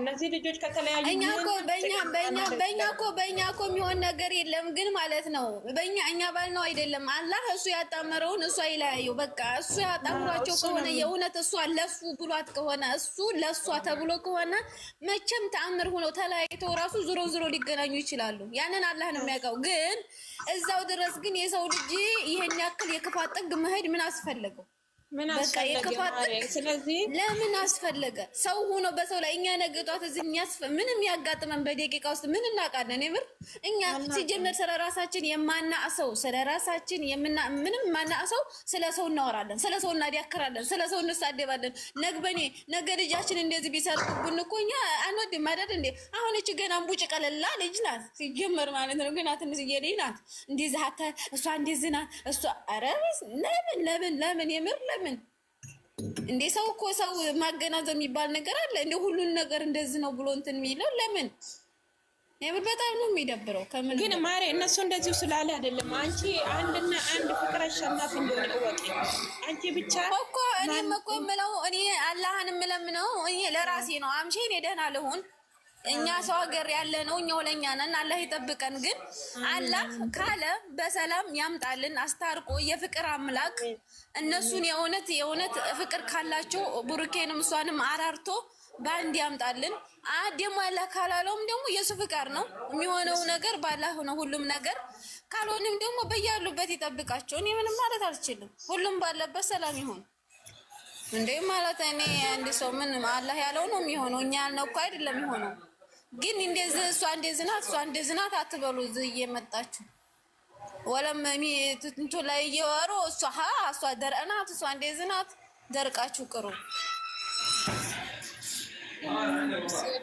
እነዚህ ልጆች ከተለያዩ እኛ እኮ በእኛ በእኛ በእኛ እኮ በእኛ እኮ የሚሆን ነገር የለም። ግን ማለት ነው በእኛ እኛ ባል ነው አይደለም አላህ እሱ ያጣመረውን እሱ አይለያየው። በቃ እሱ ያጣምሯቸው ከሆነ የእውነት እሷ ለሱ ብሏት ከሆነ እሱ ለሷ ተብሎ ከሆነ መቼም ተአምር ሆኖ ተለያይተው ራሱ ዞሮ ዞሮ ሊገናኙ ይችላሉ። ያንን አላህ ነው የሚያውቀው። ግን እዛው ድረስ ግን የሰው ልጅ ይሄን ያክል የክፋት ጥግ መሄድ ምን አስፈለገው? ለምን አስፈለገ? ሰው ሆኖ በሰው ላይ እኛ ነገጧት እዚህ ምንም ያጋጥመን በደቂቃ ውስጥ ምን እናውቃለን? የምር እኛ ሲጀመር ስለ ራሳችን የማናእሰው ስለ ራሳችን ምንም የማናእሰው ስለ ሰው እናወራለን፣ ስለ ሰው እናዲያክራለን፣ ስለ ሰው እንሳደባለን። ነግበኔ ነገ ልጃችን እንደዚህ ቢሰርቁብን እኮ እኛ አንወድም አይደል እንዴ? አሁን እቺ ገና እምቡጭ ቀለላ ልጅ ናት ሲጀመር ማለት ነው። ገና ትንሽዬ ልጅ ናት። እንደዚህ እሷ እንደዚህ እሷ ኧረ ለምን ለምን ለምን የምር ለምን እንዴ ሰው እኮ ሰው ማገናዘብ የሚባል ነገር አለ። እንደ ሁሉን ነገር እንደዚህ ነው ብሎ እንትን የሚለው ለምን? የምር በጣም ነው የሚደብረው። ከምን ግን ማሬ እነሱ እንደዚሁ ስላለ አይደለም። አንቺ አንድና አንድ ፍቅር አሸናፊ እንደሆነ እወቂ። አንቺ ብቻ እኮ እኔም እኮ የምለው እኔ አላህን የምለምነው እኔ ለራሴ ነው። አምሼ እኔ ደህና ልሁን እኛ ሰው ሀገር ያለ ነው። እኛው ለእኛ ነን። አላህ ይጠብቀን። ግን አላህ ካለ በሰላም ያምጣልን አስታርቆ የፍቅር አምላክ እነሱን የእውነት የእውነት ፍቅር ካላቸው ብሩኬንም እሷንም አራርቶ በአንድ ያምጣልን። ደግሞ አላህ ካላለውም ደግሞ የእሱ ፍቃድ ነው የሚሆነው ነገር ባላህ ነው ሁሉም ነገር ካልሆንም ደግሞ በያሉበት ይጠብቃቸው። እኔ ምንም ማለት አልችልም። ሁሉም ባለበት ሰላም ይሁን እንዴ ማለት እኔ አንድ ሰው ምን አላህ ያለው ነው የሚሆነው፣ እኛ ያልነው እኮ አይደለም የሚሆነው። ግን እንደዚህ እሷ እንደዚህ ናት፣ እሷ እንደዚህ ናት አትበሉ። እዚህ እየመጣችሁ ወለም እንቱ ላይ እየወሩ እሷ ሀ እሷ ደረቅ ናት፣ እሷ እንደዚህ ናት። ደርቃችሁ ቅሩ።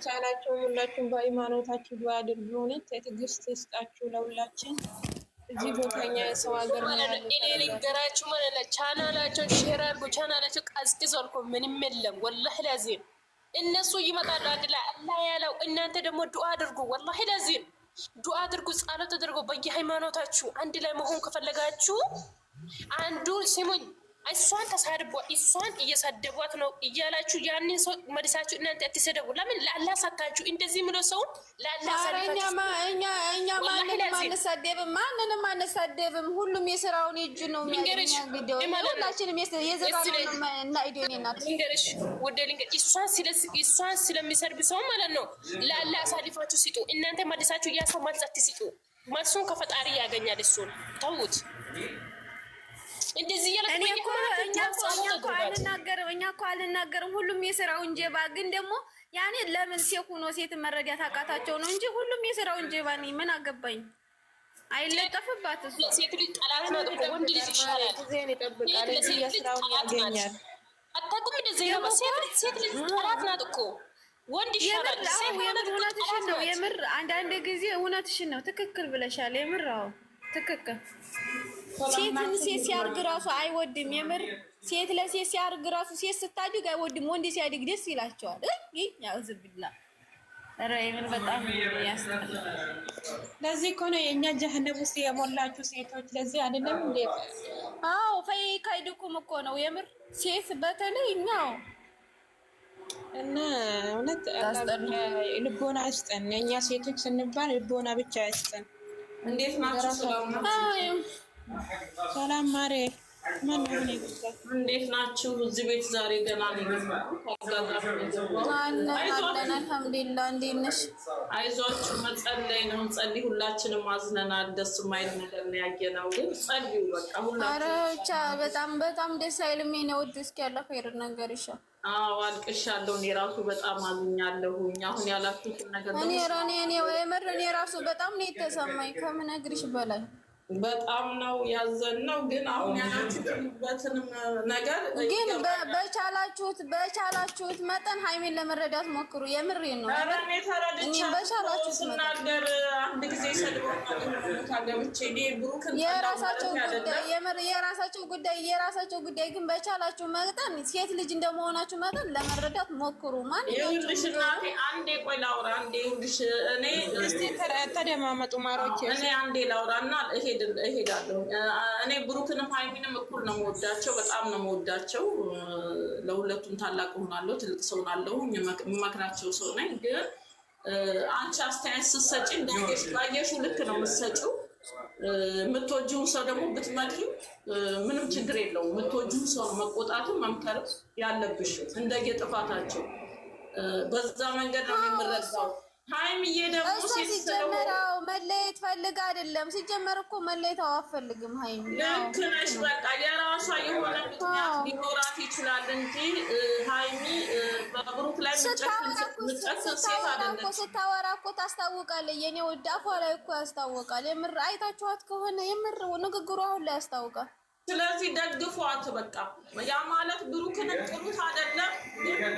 ቻላቸው ሁላችሁም በሃይማኖታችሁ ያድርጉ። እውነት ትዕግስት ይስጣችሁ ለሁላችን። እዚህ ቦታኛ የሰው ሀገር እኔ ልንገራችሁ ማለት ነው። ቻናላቸው ሼር አድርጉ። ቻናላቸው ቀዝቅዟል እኮ ምንም የለም ወላሂ ላዚም እነሱ ይመጣሉ አንድ ላይ አላህ ያለው። እናንተ ደግሞ ዱአ አድርጉ። ወላሂ ለዚህ ዱአ አድርጉ፣ ጸሎት አድርጉ። በየሃይማኖታችሁ አንድ ላይ መሆን ከፈለጋችሁ አንዱ ሲሙኝ እሷን ተሳድቧ እሷን እየሳደቧት ነው እያላችሁ ያንን ሰው መድሳችሁ እናንተ አትሰደቡ። ለምን ለአላ ሳታችሁ እንደዚህ ምሎ ሰውን ለአላ ማንንም አንሳደብም፣ ማንንም አንሳደብም። ሁሉም የስራውን እጁ ነው ሁላችንም የዘራነውናኢዶናልንገርሽ ወደ ልንገር እሷን ስለሚሰድብ ሰው ማለት ነው ላላ አሳልፋችሁ ስጡ። እናንተ መድሳችሁ እያ ሰው መልስ አትስጡ። መልሱን ከፈጣሪ ያገኛል። እሱን ተውት። እንደዚህ አልናገርም። እኛ እኮ አልናገርም። ሁሉም የስራው እንጀባ ግን ደግሞ ያኔ ለምን ሴት ሆኖ ሴት መረዳት አቃታቸው ነው እንጂ ሁሉም የስራው እንጀባ ነኝ። ምን አገባኝ? አይለጠፍባት ሴት ልጅ ጠላት ወንድ ልጅ ይሻላል። እንደዚህ ነው ሴት ልጅ ጠላት ናት እኮ ወንድ ይሻላል። እውነትሽን ነው። የምር አንዳንድ ጊዜ እውነትሽን ነው። ትክክል ብለሻል። የምር አዎ፣ ትክክል ሴትን ሴት ሲያርግ ራሱ አይወድም። የምር ሴት ለሴት ሲያርግ ራሱ ሴት ስታድግ አይወድም። ወንድ ሲያድግ ደስ ይላቸዋል። ያዝብላ ኧረ በጣም ያስጠላል። ለዚህ እኮ ነው የእኛ ጀህነም ውስጥ የሞላችሁ ሴቶች። ለዚህ አይደለም እንዴት? አዎ ፈይ ከይድኩም እኮ ነው የምር ሴት በተለይ እኛው እና እውነት ልቦና አይስጠን። እኛ ሴቶች ስንባል ልቦና ብቻ አይስጠን። እንዴት ናቸው? ሰላም ማሬ፣ ምን ሆነ? እንዴት ናችሁ? እዚህ ቤት ዛሬ ገና ነው። አልሐምዱሊላህ። እንዴት ነሽ? አይዟችሁ፣ መጸለይ ነው። እንጸልይ። ሁላችንም አዝነናል። ደስ የማይል ነገር ነው ያየነው፣ ግን ጸልዩ። በቃ ሁላችሁ። ሁላችንም በጣም በጣም ደስ አይልም። የእኔ ውድ፣ እስኪ ያለ ኸይር ነገር ይሻል። አዎ አልቅሻለሁ። እኔ ራሱ በጣም አዝኛለሁኝ። አሁን ያላችሁትን ነገር እኔ እኔ የምር እኔ ራሱ በጣም ነው የተሰማኝ ከምነግርሽ በላይ በጣም ነው ያዘን ነው። ግን አሁን ያላችሁበትንም ነገር ግን በቻላችሁት በቻላችሁት መጠን ሀይሜን ለመረዳት ሞክሩ። የምሬን ነው። በቻላችሁት መጠን አንድ ጊዜ የራሳቸው ጉዳይ የራሳቸው ጉዳይ ግን በቻላችሁ መጠን ሴት ልጅ እንደመሆናችሁ መጠን ለመረዳት ሞክሩ። ማን ተደማመጡ ማሮች እኔ አንዴ ላውራ እና እሄዳለሁ። እኔ ብሩክንም ሀይሚንም እኩል ነው መወዳቸው፣ በጣም ነው መወዳቸው። ለሁለቱም ታላቅ ሆናለሁ፣ ትልቅ ሰው ሆናለሁ፣ የመክራቸው ሰው ነኝ ግን አንቺ አስተያየት ስትሰጪ እንዳየሽ ባየሽው ልክ ነው የምትሰጪው። የምትወጂውን ሰው ደግሞ ብትመክሪው ምንም ችግር የለውም። የምትወጂውን ሰው መቆጣቱ መምከር ያለብሽ እንደየጥፋታቸው በዛ መንገድ ነው የምረዳው። ሀይሚዬ ደግሞ ሲጀመረው መለየት ፈልግ አይደለም። ሲጀመር እኮ መለየት አልፈልግም። ሀይሚ ልክ ነሽ። በቃ የራሷ የሆነ ምክንያት ሊኖራት ይችላል እንጂ ሀይሚ በብሩክ ላይ ስታወራ እኮ ታስታውቃለች። የኔ ወደ ላይ እኮ ያስታውቃል። የምር አይታችኋት ከሆነ የምር ንግግሩ አሁን ላይ ያስታውቃል። ስለዚህ ደግፏት፣ በቃ ያ ማለት ብሩክን ጥሩት አይደለም፣ ግን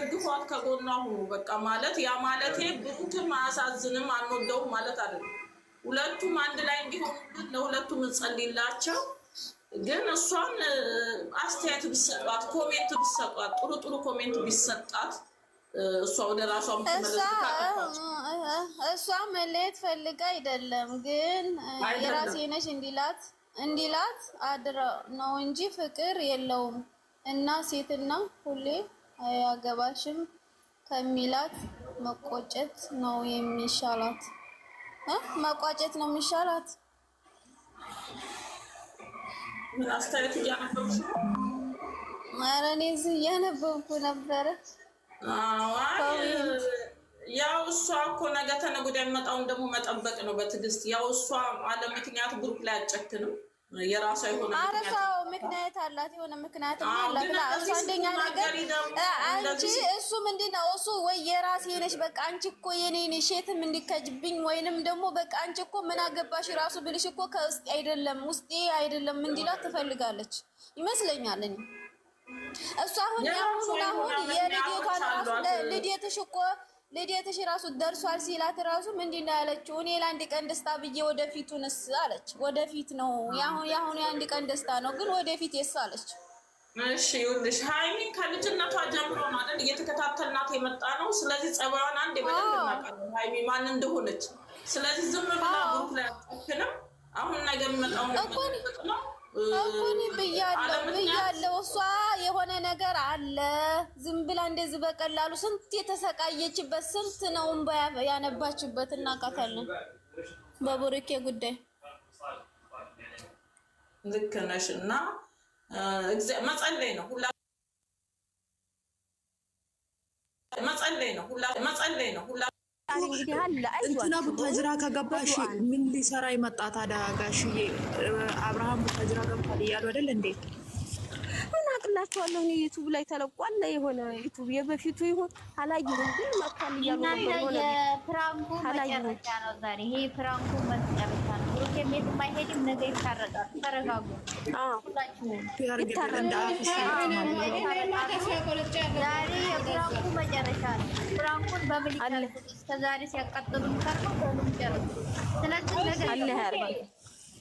ደግፏት፣ ከጎኗ ሁኑ። በቃ ማለት ያ ማለት ብሩክ አያሳዝንም፣ አንወደውም ማለት አይደለም። ሁለቱም አንድ ላይ እንዲሆኑልን ለሁለቱም እንጸልይላቸው። ግን እሷን አስተያየት ቢሰጧት፣ ኮሜንት ቢሰጧት፣ ጥሩ ጥሩ ኮሜንት ቢሰጣት እሷ ወደ ራሷ እሷ መለየት ፈልጋ አይደለም፣ ግን የራሴ ነሽ እንዲላት እንዲላት አድራ ነው እንጂ ፍቅር የለውም እና ሴትና ሁሌ አያገባሽም ከሚላት መቆጨት ነው የሚሻላት። መቋጨት ነው የሚሻላት። አስተያየት እያነበብኩ ኧረ እኔ እዚህ እያነበብኩ ነበረ። ያው እሷ እኮ ነገ ተነገ ወዲያ የሚመጣውን ደግሞ መጠበቅ ነው በትዕግስት። ያው እሷ አለ ምክንያት ግሩፕ ላይ አጨክንም የራሷ የሆነ አረሳው ምክንያት አላት። የሆነ ምክንያት አላት ብላ እሱ አንደኛ ነገር አንቺ እሱ ምንድን ነው እሱ ወይ የራሴ ነሽ በቃ አንቺ እኮ የኔ ነሽ የትም እንዲከጅብኝ ወይንም ደግሞ በቃ አንቺ እኮ ምን አገባሽ ራሱ ብልሽ እኮ ከውስጤ አይደለም ውስጤ አይደለም እንዲላት ትፈልጋለች ይመስለኛል። እኔ እሱ አሁን ያሁኑ አሁን የልዴቷን ልድየትሽ እኮ ልደትሽ ራሱ ደርሷል ሲላት ራሱ ምንድን ነው ያለችው? እኔ ለአንድ ቀን ደስታ ብዬ ወደፊቱንስ አለች። ወደፊት ነው የአሁኑ የአንድ ቀን ደስታ ነው፣ ግን ወደፊት የስ አለች። እሺ ይኸውልሽ፣ ሀይሚን ከልጅነቷ ጀምሮ ማለት እየተከታተልናት የመጣ ነው። ስለዚህ ጸባዋን አንድ በደንብ እናውቃለን፣ ሀይሚ ማን እንደሆነች። ስለዚህ ዝም ብላ ብሩክ ላይ አትክንም። አሁን ነገር የሚመጣው ነው አሁን ብያለሁ ብያለሁ። እሷ የሆነ ነገር አለ። ዝም ብላ እንደዚህ በቀላሉ ስንት የተሰቃየችበት ስንት ነው እንባ ያነባችበት። እናውቃታለን በቡርኬ ጉዳይ ልክ ነሽ። እና መጸለይ ነው ሁላ መጸለይ ነው ሁላ እንትና ቡታጅራ ከገባሽ ምን ሊሰራ ይመጣ ታዲያ? ጋሽዬ አብርሃም ቡታጅራ ገብቷል እያሉ አይደል እንዴ? እናቅላቸዋለሁ። ዩቱብ ላይ ተለቋለ የሆነ ዩቱብ የበፊቱ ይሁን አላየሁም፣ ግን መጥቷል እያሉ ፕራንኩ መጨረሻ ነው ዛሬ። ይሄ ፕራንኩ መጨረሻ መቼም የትም አይሄድም። ነገ ይታረቃል። ተረጋጉ ሁላችሁም። ዛሬ የፍራንኩ መጨረሻ ነው። ፍራንኩን በምን ይቻለ እስከዛሬ ሲያቃጥሉ ከርመው በምን ይጨረሱ። ስለዚህ ነገ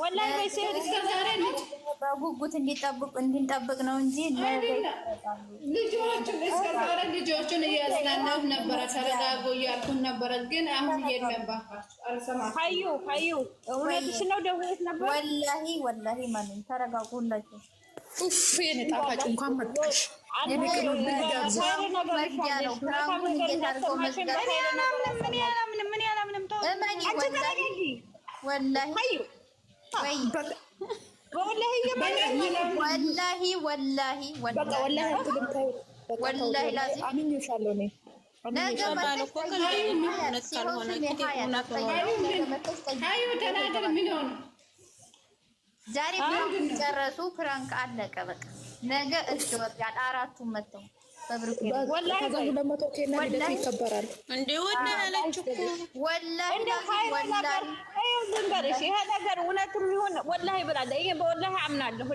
ወላሂ በጉጉት እንዲጠብቅ እንድንጠብቅ ነው እንጂ ልጆቹን እስከ ዛሬ ልጆቹን እያዝናናሁ ነበረ፣ ተረጋጉ እያልኩን ነበረ። ግን አሁን እየለባችሁ አልሰማሁም። ሀዩ ሀዩ ነው ደውዬሽ ነበር። ወላሂ ወላሂ ማንም ተረጋጉ ሁላችሁ። ኡፍ የኔ ጣፋጭ እንኳን መጣሽ። ነው ምን ያላምንም ምን ያላምንም ተው አንቺ ተረጋጊ ወላሂ ዛሬ ጨረሱ። ፕራንክ አለቀ በቃ። ነገ እስወርጃል አራቱ መተው ይከበራል። ንገርሽ ይሄ ነገር እውነትም ይሁን ወላሂ ብላለች። ይሄ በወላሂ አምናለሁ።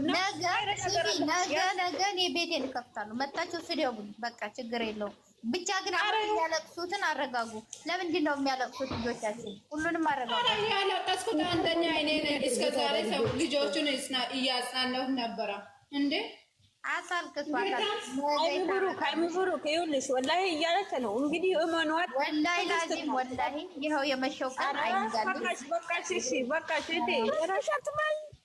ነገ ነገ እኔ ቤቴን እከፍታለሁ። መጣችሁ ስደቡኝ፣ በቃ ችግር የለውም። ብቻ ግን አሁን የሚያለቅሱትን አረጋጉ። ለምንድን ነው የሚያለቅሱት? ልጆቻችን ሁሉንም አረጋጉ። ኧረ ያለቀስኩት አንደኛ እኔ እስከዛሬ ልጆቹን እያጽናናሁ ነበረ እንዴ አሳልክቷልብሩክብሩክይልሽ ወላሂ እያለች ነው እንግዲህ እመኗት። ወላሂ ላዚም ወላሂ ይኸው የመሸው ቀን አይዛልሽ። በቃሽ፣ በቃሽ።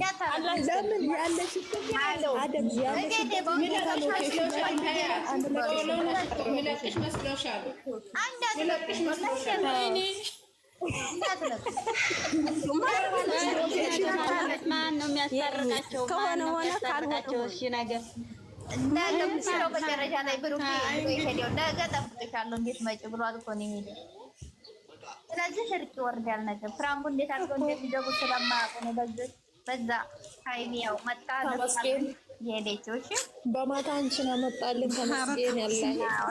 ከሆነ ሆነ ካልሆነ እሺ ነገር መጨረሻ ላይ ነገ ጠብቅሻለሁ እንዴት ብሏል እኮ ነው ስለዚህ እርቅ ይወርዳል ነገር ፍራንኩ እንዴት አድርገው እንደሚደጉ ስለማያውቁ ነው በዚህ በዛ ታይም ያው መጣ ተመስገን የሄደችዎች በማታ አንቺን አመጣልን ተመስገን ያለ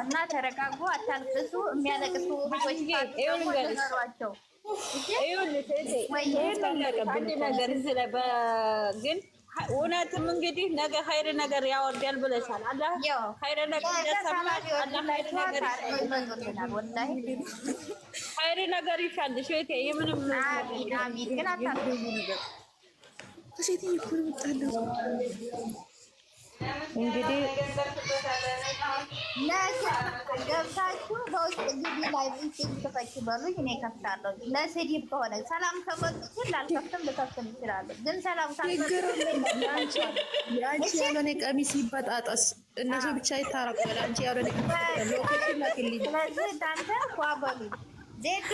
እና ተረጋጉ፣ አታልቅሱ። የሚያለቅሱ ህጎች ቸው አንድ ነገር እዚህ ላይ ግን እውነትም እንግዲህ ነገ ሀይር ነገር ያወርዳል ብለሻል። አላ ሀይር ነገር እንደሰማሽ አላ ሀይር ነገር ሀይር ነገር ይሻልሽ። ምንም ነገር ከሴትዬ እኮ ነው የምጣለው። እንግዲህ ገብታችሁ በውስጥ ግቢ ላይ ትፈች በሉኝ፣ እኔ ከፍታለሁ። ለስድብ ከሆነ ሰላም ከቆጡችን ላልከፍትም ልከፍትም ይችላለሁ። ግን ሰላም የአንቺ ያልሆነ ቀሚስ ይበጣጠስ፣ እነሱ ብቻ ይታረቁ። አንቺ ያልሆነ ስለዚህ እናንተ ፏ ዜዶ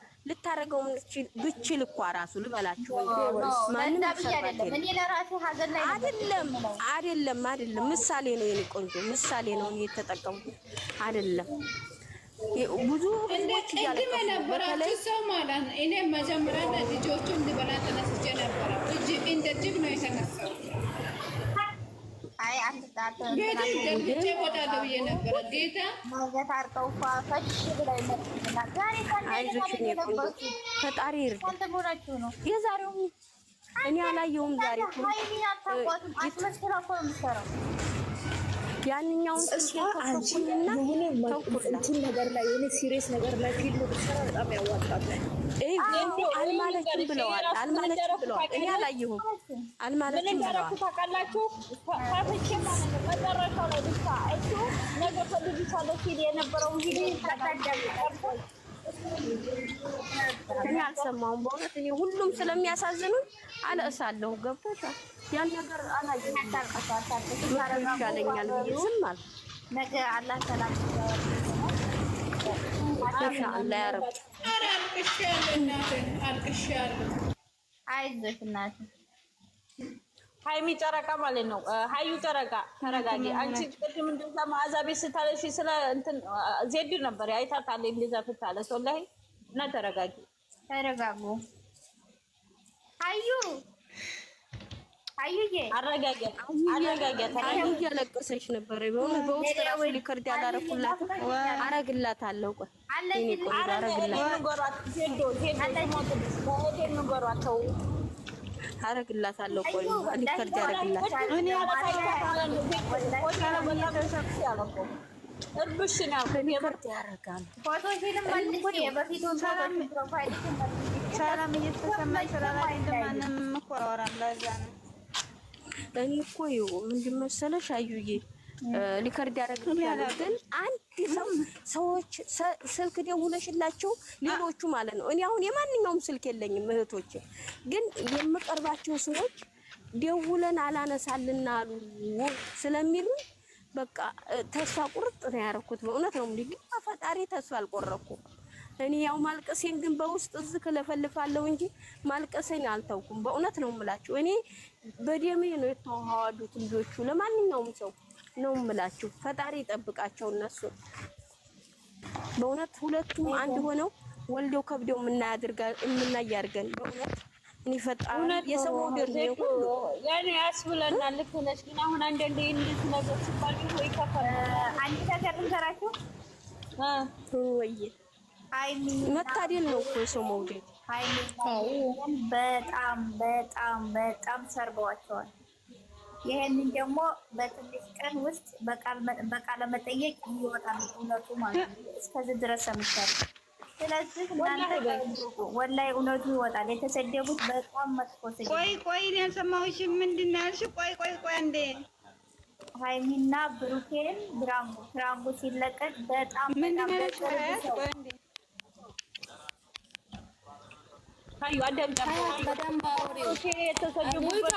ልታረገው ብችል እኮ ራሱ ልበላችሁ ማንም አይደለም አይደለም አይደለም ምሳሌ ነው የኔ ቆንጆ ምሳሌ ነው የተጠቀምኩት አይደለም ብዙ ህዝቦች እያለቀሱ በተለይ ሰው ማለት ነው እኔ መጀመሪያ ልጆቹን ልበላ ተነስቼ ነበረ እጅ እንደ ጅብ ነው የተነሳው ቤት ደብቼ ወጣለሁ ብዬ ነበረ ጌታ ማዘት አርቀው ፋፈሽ ብላይ ነበር አይዞሽ ፈጣሪ ይርዳል። የዛሬው እኔ አላየሁም። ዛሬ ያንኛውን ተኩኝና ተንኩላ እንትን ላይ ሲሪየስ ነገር ላይ አልማለችም ብለዋል። አልማለችም ብለዋል። እኔ አላየሁም። አልማለችም ብለዋል። ታውቃላችሁ ፋቶቼ ማለት ነው። ላይ ብቻ እሱ ነገ ፈልጊቻለሁ ሲል የነበረው እኔ አልሰማሁም። በእውነት እኔ ሁሉም ስለሚያሳዝኑ አለእሳለሁ። ገብቶሻል? ያን ነገር አላየሁም። ይሻለኛል ዝም አልኩ። ነገ አላህ ሰላም ሀይሚ ጨረቃ ማለት ነው። ሀዩ ጨረቃ ተረጋጊ። አንቺ ቅድም እንደዛ መዓዛ ቤት ስታለሽ ስለ እንትን ዜድ ነበር አይታታል እንደዛ ፍታለሽ ወላሂ እና ተረጋጊ፣ ተረጋጉ ሀዩ አዩዬ አረጋጊያት አረጋጊያት። እያለቀሰች ነበር። በውስጥ ራሱ ሊከርድ ያላረኩላት አረግላታለሁ። ቆይ አረግላታለሁ። ቆይ ሊከርድ ያረግላታል። ሰላም እየተሰማኝ ስለማንም እኮ አወራም ለዛ ነው። እኔ እኮ ይኸው ምንድን መሰለሽ አዩዬ ሊከርድ ያደረግን ግን አንድ ሰው ሰዎች ስልክ ደውለሽላቸው ሌሎቹ ማለት ነው። እኔ አሁን የማንኛውም ስልክ የለኝም እህቶች፣ ግን የምቀርባቸው ሰዎች ደውለን አላነሳልና አሉ ስለሚሉ በቃ ተስፋ ቁርጥ ነው ያደረኩት። በእውነት ነው ግን ተስፋ አልቆረኩም። እኔ ያው ማልቀሴን ግን በውስጥ እዝ ክለፈልፋለሁ እንጂ ማልቀሴን አልተውኩም። በእውነት ነው የምላችሁ። እኔ በደሜ ነው የተዋሃዱት ልጆቹ። ለማንኛውም ሰው ነው የምላችሁ። ፈጣሪ ይጠብቃቸው እነሱ በእውነት ሁለቱም አንድ ሆነው ወልደው ከብደው የምናያድርገን በእውነት እኔ ፈጣሪ የሰው ወደር ነው ያኔ ያስብለናል። ልክ ነሽ። ግን አሁን አንዳንዴ እንደዚህ ነገር ሲባል ይከፋል። አንድ ነገር እንሰራችሁ እ ወይ መታደል ነው እኮ ሰው መውደድ። በጣም በጣም በጣም ሰርበዋቸዋል። ይህንን ደግሞ በትንሽ ቀን ውስጥ በቃለ መጠየቅ ይወጣል እውነቱ ማለት ነው። እስከዚህ ድረስ ሰምቻለሁ። ስለዚህ እናንተ ወላሂ እውነቱ ይወጣል። የተሰደቡት በጣም መጥፎ ስድብ። ቆይ ቆይ ያልሰማሁሽ ምንድን ነው ያልሽ? ቆይ ቆይ ቆይ እንዴ ሀይሚና ብሩኬን ድራንጉ ድራንጉ ሲለቀቅ በጣም ምንድን ነው ያልሽ? ቆይ እንዴ ታዩ አዳምጣ በደንብ አውሪ። ኦኬ ተሰደቡ ሚዩት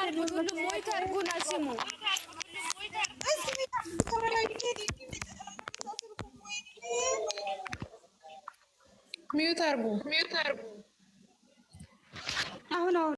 አርጉ። አሁን አሁን